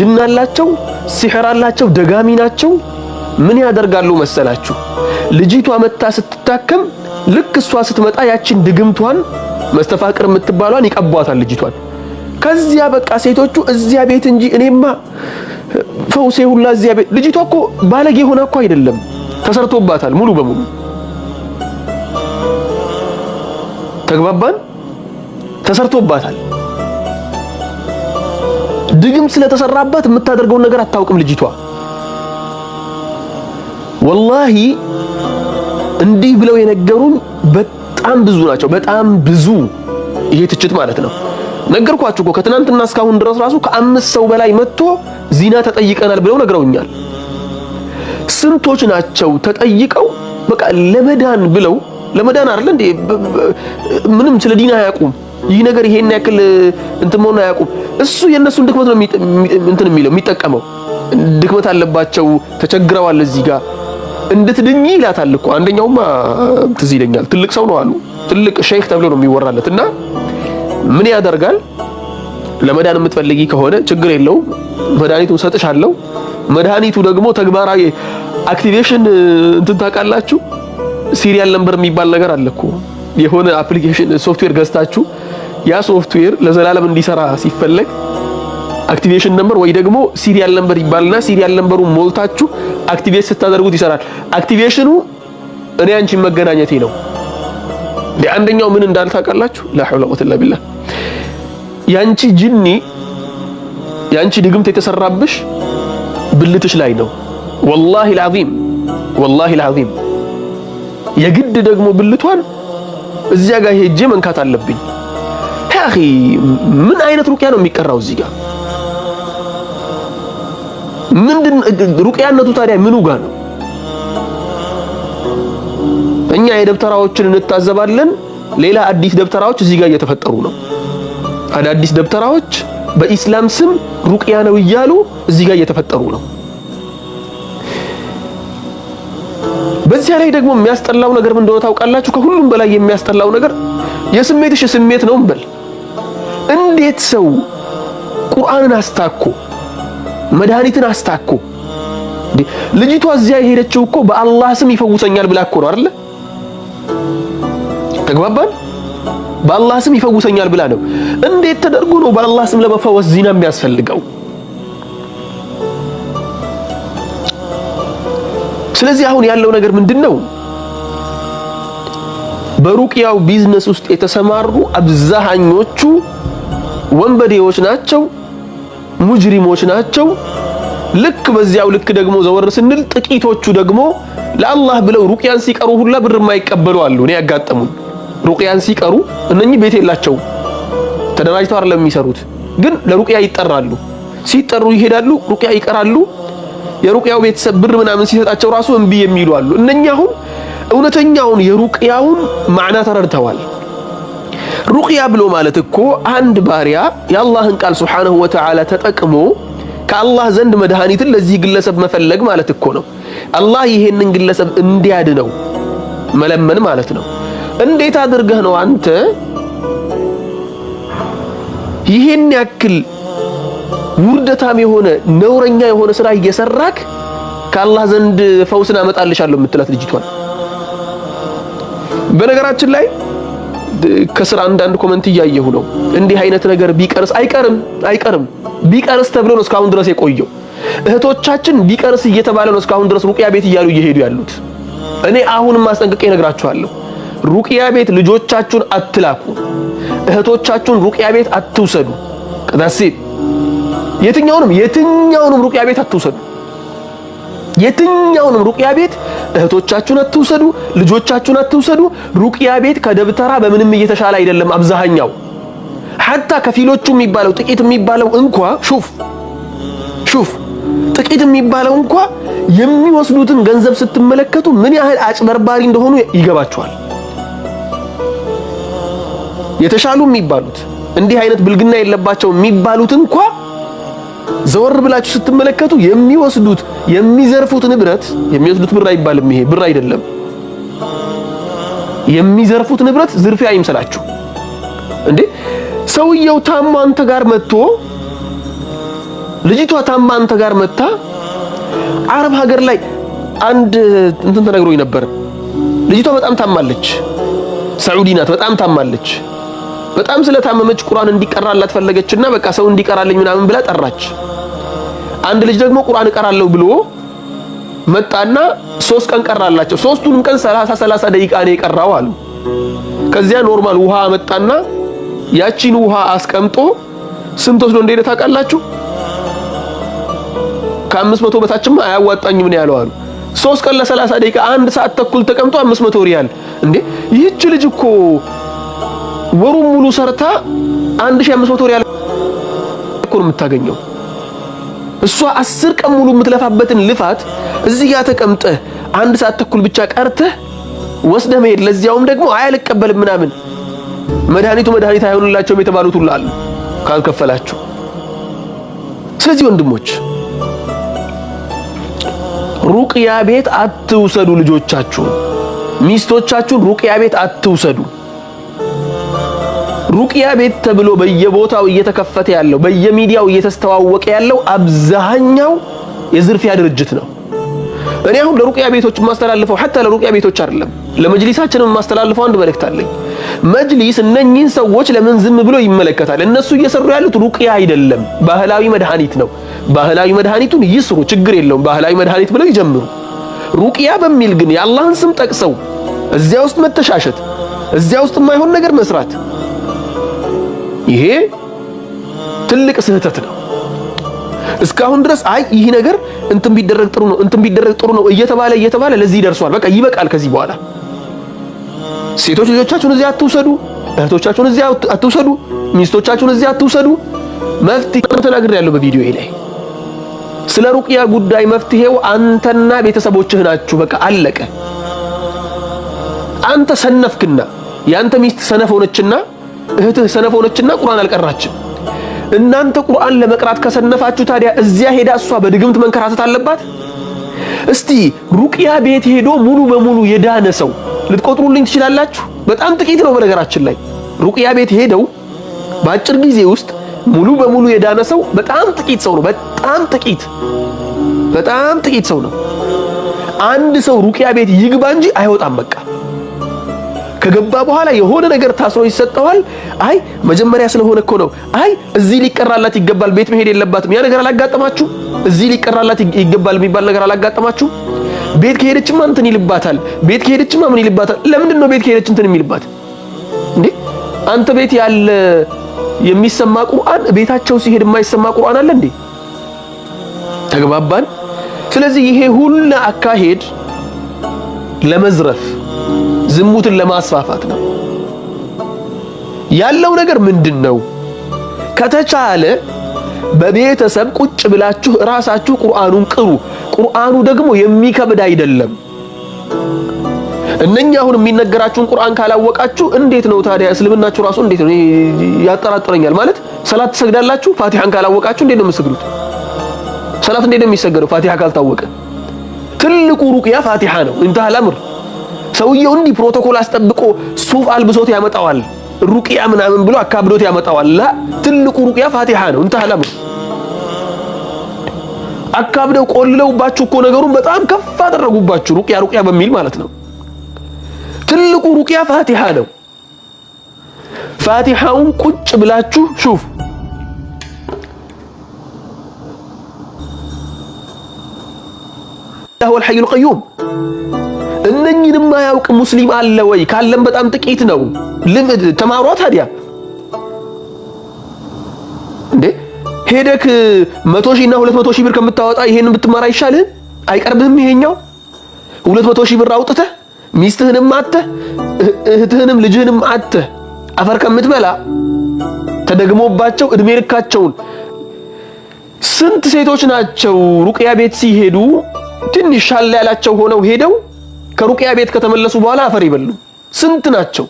ጅን አላቸው፣ ሲሕር አላቸው፣ ደጋሚ ናቸው። ምን ያደርጋሉ መሰላችሁ? ልጅቷ መታ ስትታከም ልክ እሷ ስትመጣ ያችን ድግምቷን መስተፋቅር የምትባሏን ይቀቧታል ልጅቷን። ከዚያ በቃ ሴቶቹ እዚያ ቤት እንጂ እኔማ ፈውሴ ሁላ እዚያ ቤት። ልጅቷ እኮ ባለጌ ሆና እኮ አይደለም ተሰርቶባታል ሙሉ በሙሉ ተግባባን። ተሰርቶባታል ድግም ስለተሰራበት የምታደርገውን ነገር አታውቅም ልጅቷ። ወላሂ እንዲህ ብለው የነገሩን በጣም ብዙ ናቸው። በጣም ብዙ ይሄ ትችት ማለት ነው። ነገርኳችሁ እኮ ከትናንትና እስካሁን ድረስ ራሱ ከአምስት ሰው በላይ መጥቶ ዚና ተጠይቀናል ብለው ነግረውኛል። ስንቶች ናቸው ተጠይቀው በቃ ለመዳን ብለው ለመዳን አይደል እንዴ ምንም ስለ ዲና አያውቁም። ይህ ነገር ይሄን ያክል እንትን መሆን አያውቁም። እሱ የእነሱን ድክመት ነው እንትን የሚለው የሚጠቀመው። ድክመት አለባቸው፣ ተቸግረዋል። እዚህ ጋር እንድትድኝ ይላታል እኮ። አንደኛውማ ትዝ ይለኛል፣ ትልቅ ሰው ነው አሉ፣ ትልቅ ሼክ ተብሎ ነው የሚወራለት። እና ምን ያደርጋል ለመዳን የምትፈልጊ ከሆነ ችግር የለውም መድኃኒቱን ሰጥሻለሁ። መድኃኒቱ ደግሞ ተግባራዊ አክቲቬሽን እንትን ታውቃላችሁ፣ ሲሪያል ነምበር የሚባል ነገር አለ እኮ የሆነ አፕሊኬሽን ሶፍትዌር ገዝታችሁ ያ ሶፍትዌር ለዘላለም እንዲሰራ ሲፈለግ አክቲቬሽን ነምበር ወይ ደግሞ ሲሪያል ነምበር ይባልና ሲሪያል ነምበሩ ሞልታችሁ አክቲቬት ስታደርጉት ይሰራል። አክቲቬሽኑ እኔ አንቺ መገናኘቴ ነው። አንደኛው ምን እንዳለ ታውቃላችሁ? ላ ሐውለ ወላ ቢላ ያንቺ ጅኒ ያንቺ ድግምት የተሰራብሽ ብልትሽ ላይ ነው። ወላሂ አልዓዚም ወላሂ አልዓዚም የግድ ደግሞ ብልቷን እዚያ ጋር ሄጄ መንካት አለብኝ። ያኺ ምን አይነት ሩቅያ ነው የሚቀራው እዚህ ጋር? ምንድን ሩቅያነቱ ታዲያ ምኑ ጋር ነው? እኛ የደብተራዎችን እንታዘባለን። ሌላ አዲስ ደብተራዎች እዚህ ጋር እየተፈጠሩ ነው። አዳዲስ ደብተራዎች በኢስላም ስም ሩቅያ ነው እያሉ እዚህ ጋር እየተፈጠሩ ነው። በዚያ ላይ ደግሞ የሚያስጠላው ነገር ምን እንደሆነ ታውቃላችሁ? ከሁሉም በላይ የሚያስጠላው ነገር የስሜትሽ ስሜት ነው እንበል። እንዴት ሰው ቁርአንን አስታኮ መድኃኒትን አስታኮ ልጅቷ እዚያ የሄደችው እኮ በአላህ ስም ይፈውሰኛል ብላ እኮ ነው ተግባባን? በአላህ ስም ይፈውሰኛል ብላ ነው። እንዴት ተደርጎ ነው በአላህ ስም ለመፈወስ ዚና የሚያስፈልገው? ስለዚህ አሁን ያለው ነገር ምንድን ነው? በሩቅያው ቢዝነስ ውስጥ የተሰማሩ አብዛኞቹ ወንበዴዎች ናቸው፣ ሙጅሪሞች ናቸው። ልክ በዚያው ልክ ደግሞ ዘወር ስንል ጥቂቶቹ ደግሞ ለአላህ ብለው ሩቅያን ሲቀሩ ሁላ ብር የማይቀበሉ አሉ። እኔ ያጋጠሙን ሩቅያን ሲቀሩ እነኚህ ቤት የላቸው ተደራጅተው አይደለም የሚሰሩት፣ ግን ለሩቅያ ይጠራሉ። ሲጠሩ ይሄዳሉ፣ ሩቅያ ይቀራሉ። የሩቅያው ቤተሰብ ብር ምናምን ሲሰጣቸው ራሱ እምቢ የሚሉ አሉ። እነኛ አሁን እውነተኛውን የሩቅያውን ማዕና ተረድተዋል። ሩቅያ ብሎ ማለት እኮ አንድ ባሪያ የአላህን ቃል ሱብሓነሁ ወተዓላ ተጠቅሞ ከአላህ ዘንድ መድኃኒትን ለዚህ ግለሰብ መፈለግ ማለት እኮ ነው። አላህ ይሄንን ግለሰብ እንዲያድነው መለመን ማለት ነው። እንዴት አድርገህ ነው አንተ ይሄን ያክል ውርደታም የሆነ ነውረኛ የሆነ ስራ እየሰራክ ከአላህ ዘንድ ፈውስን አመጣልሻለሁ የምትላት ልጅቷን። በነገራችን ላይ ከስራ አንዳንድ ኮመንት እያየሁ ነው። እንዲህ አይነት ነገር ቢቀርስ አይቀርም አይቀርም ቢቀርስ ተብሎ ነው እስካሁን ድረስ የቆየው። እህቶቻችን ቢቀርስ እየተባለ ነው እስካሁን ድረስ ሩቅያ ቤት እያሉ እየሄዱ ያሉት። እኔ አሁንም ማስጠንቀቅ እነግራችኋለሁ። ሩቅያ ቤት ልጆቻችሁን አትላኩ። እህቶቻችሁን ሩቅያ ቤት አትውሰዱ። ቀዳሴ የትኛውንም የትኛውንም ሩቅያ ቤት አትውሰዱ። የትኛውንም ሩቅያ ቤት እህቶቻችሁን አትውሰዱ፣ ልጆቻችሁን አትውሰዱ። ሩቅያ ቤት ከደብተራ በምንም እየተሻለ አይደለም። አብዛኛው ሐታ ከፊሎቹ የሚባለው ጥቂት የሚባለው እንኳ ሹፍ ሹፍ ጥቂት የሚባለው እንኳ የሚወስዱትን ገንዘብ ስትመለከቱ ምን ያህል አጭበርባሪ እንደሆኑ ይገባችኋል። የተሻሉ የሚባሉት እንዲህ አይነት ብልግና የለባቸው የሚባሉት እንኳ ዘወር ብላችሁ ስትመለከቱ የሚወስዱት የሚዘርፉት ንብረት የሚወስዱት ብር አይባልም። ይሄ ብር አይደለም። የሚዘርፉት ንብረት ዝርፊያ አይምሰላችሁ እንዴ! ሰውየው ታማ አንተ ጋር መጥቶ ልጅቷ ታማ አንተ ጋር መጥታ አረብ ሀገር ላይ አንድ እንትን ተነግሮኝ ነበር። ልጅቷ በጣም ታማለች፣ ሳዑዲ ናት። በጣም ታማለች። በጣም ስለታመመች ቁርአን እንዲቀራላት ፈለገችና በቃ ሰው እንዲቀራልኝ ምናምን ብላ ጠራች። አንድ ልጅ ደግሞ ቁርአን እቀራለሁ ብሎ መጣና ሶስት ቀን ቀራላቸው። ሶስቱንም ቀን 30 30 ደቂቃ ነው የቀራው አሉ። ከዚያ ኖርማል ውሃ መጣና ያቺን ውሃ አስቀምጦ ስንት ወስዶ እንደሄደ ታውቃላችሁ? ከአምስት መቶ በታችም አያዋጣኝም ነው ያለው አሉ። ሶስት ቀን ለ30 ደቂቃ አንድ ሰዓት ተኩል ተቀምጦ 500 ሪያል እንዴ! ይህች ልጅ እኮ ወሩን ሙሉ ሰርታ 1500 ሪያል እኮ ነው የምታገኘው። እሷ አስር ቀን ሙሉ የምትለፋበትን ልፋት እዚህ ያ ተቀምጠህ አንድ ሰዓት ተኩል ብቻ ቀርተህ ወስደህ መሄድ ለዚያውም ደግሞ አያልቀበልም ምናምን መድኃኒቱ መድኃኒት አይሆንላቸውም የተባሉት ሁሉ አሉ ካልከፈላቸው። ስለዚህ ወንድሞች ሩቅያ ቤት አትውሰዱ ልጆቻችሁን፣ ሚስቶቻችሁን ሩቅያ ቤት አትውሰዱ። ሩቅያ ቤት ተብሎ በየቦታው እየተከፈተ ያለው በየሚዲያው እየተስተዋወቀ ያለው አብዛኛው የዝርፊያ ድርጅት ነው። እኔ አሁን ለሩቅያ ቤቶች የማስተላልፈው ሐታ ለሩቅያ ቤቶች አይደለም፣ ለመጅሊሳችንም የማስተላልፈው አንድ መልእክት አለኝ። መጅሊስ እነኚህን ሰዎች ለምን ዝም ብሎ ይመለከታል? እነሱ እየሰሩ ያሉት ሩቅያ አይደለም፣ ባህላዊ መድኃኒት ነው። ባህላዊ መድኃኒቱን ይስሩ፣ ችግር የለውም። ባህላዊ መድኃኒት ብለው ይጀምሩ። ሩቅያ በሚል ግን የአላህን ስም ጠቅሰው እዚያ ውስጥ መተሻሸት፣ እዚያ ውስጥ የማይሆን ነገር መስራት ይሄ ትልቅ ስህተት ነው። እስካሁን ድረስ አይ ይህ ነገር እንትን ቢደረግ ጥሩ ነው፣ እንትን ቢደረግ ጥሩ ነው እየተባለ እየተባለ ለዚህ ደርሷል። በቃ ይበቃል። ከዚህ በኋላ ሴቶች ልጆቻችሁን እዚያ አትውሰዱ፣ እህቶቻችሁን እዚያ አትውሰዱ፣ ሚስቶቻችሁን እዚያ አትውሰዱ። መፍትሄ ተናግሬ ያለው በቪዲዮ ላይ ስለ ሩቅያ ጉዳይ መፍትሄው አንተና ቤተሰቦችህ ናችሁ። በቃ አለቀ። አንተ ሰነፍክና የአንተ ሚስት ሰነፍ ሆነችና እህትህ ሰነፍ ሆነችና ቁርአን አልቀራችም። እናንተ ቁርአን ለመቅራት ከሰነፋችሁ ታዲያ እዚያ ሄዳ እሷ በድግምት መንከራተት አለባት? እስቲ ሩቅያ ቤት ሄዶ ሙሉ በሙሉ የዳነ ሰው ልትቆጥሩልኝ ትችላላችሁ? በጣም ጥቂት ነው። በነገራችን ላይ ሩቅያ ቤት ሄደው በአጭር ጊዜ ውስጥ ሙሉ በሙሉ የዳነ ሰው በጣም ጥቂት ሰው ነው። በጣም ጥቂት በጣም ጥቂት ሰው ነው። አንድ ሰው ሩቅያ ቤት ይግባ እንጂ አይወጣም። በቃ ከገባ በኋላ የሆነ ነገር ታስሮ ይሰጠዋል። አይ መጀመሪያ ስለሆነ እኮ ነው። አይ እዚህ ሊቀራላት ይገባል፣ ቤት መሄድ የለባትም። ያ ነገር አላጋጠማችሁ? እዚህ ሊቀራላት ይገባል የሚባል ነገር አላጋጠማችሁ? ቤት ከሄደችማ እንትን ይልባታል፣ ቤት ከሄደችማ ምን ይልባታል። ለምንድን ነው ቤት ከሄደች እንትን የሚልባት እንዴ? አንተ ቤት ያለ የሚሰማ ቁርአን ቤታቸው ሲሄድ የማይሰማ ቁርአን አለ እንዴ? ተግባባን። ስለዚህ ይሄ ሁሉ አካሄድ ለመዝረፍ ዝሙትን ለማስፋፋት ነው። ያለው ነገር ምንድን ነው? ከተቻለ በቤተሰብ ቁጭ ብላችሁ ራሳችሁ ቁርአኑን ቅሩ። ቁርአኑ ደግሞ የሚከብድ አይደለም። እነኛ አሁን የሚነገራችሁን ቁርአን ካላወቃችሁ እንዴት ነው ታዲያ እስልምናችሁ ራሱ እንዴት ነው? ያጠራጥረኛል ማለት ሰላት ትሰግዳላችሁ፣ ፋቲሃን ካላወቃችሁ እንዴት ነው የምትሰግዱት? ሰላት እንዴት ነው የሚሰገደው ፋቲሃ ካልታወቀ? ትልቁ ሩቅያ ፋቲሃ ነው። እንተሃል አምር ሰውየው እንዲህ ፕሮቶኮል አስጠብቆ ሱፍ አልብሶት ያመጣዋል። ሩቅያ ምናምን ብሎ አካብዶት ያመጣዋል። ላ ትልቁ ሩቅያ ፋቲሃ ነው። እንታላም አካብደው ቆልለውባችሁ እኮ ነገሩን በጣም ከፍ አደረጉባችሁ። ሩቅያ ሩቅያ በሚል ማለት ነው። ትልቁ ሩቅያ ፋቲሃ ነው። ፋቲሃውን ቁጭ ብላችሁ ሹፍ ወል ሐዩል ቀዩም እነኝን የማያውቅ ሙስሊም አለ ወይ? ካለም በጣም ጥቂት ነው። ልምድ ተማሯ። ታዲያ እንዴ ሄደክ መቶ ሺህ እና ሁለት መቶ ሺህ ብር ከምታወጣ ይሄንን ብትማር አይሻልህም? አይቀርብህም? ይሄኛው ሁለት መቶ ሺህ ብር አውጥተህ ሚስትህንም አተ እህትህንም ልጅህንም አተ አፈር ከምትበላ ተደግሞባቸው እድሜ ልካቸውን ስንት ሴቶች ናቸው ሩቅያ ቤት ሲሄዱ ትንሽ ሻል ያላቸው ሆነው ሄደው ከሩቅያ ቤት ከተመለሱ በኋላ አፈር ይበሉ። ስንት ናቸው?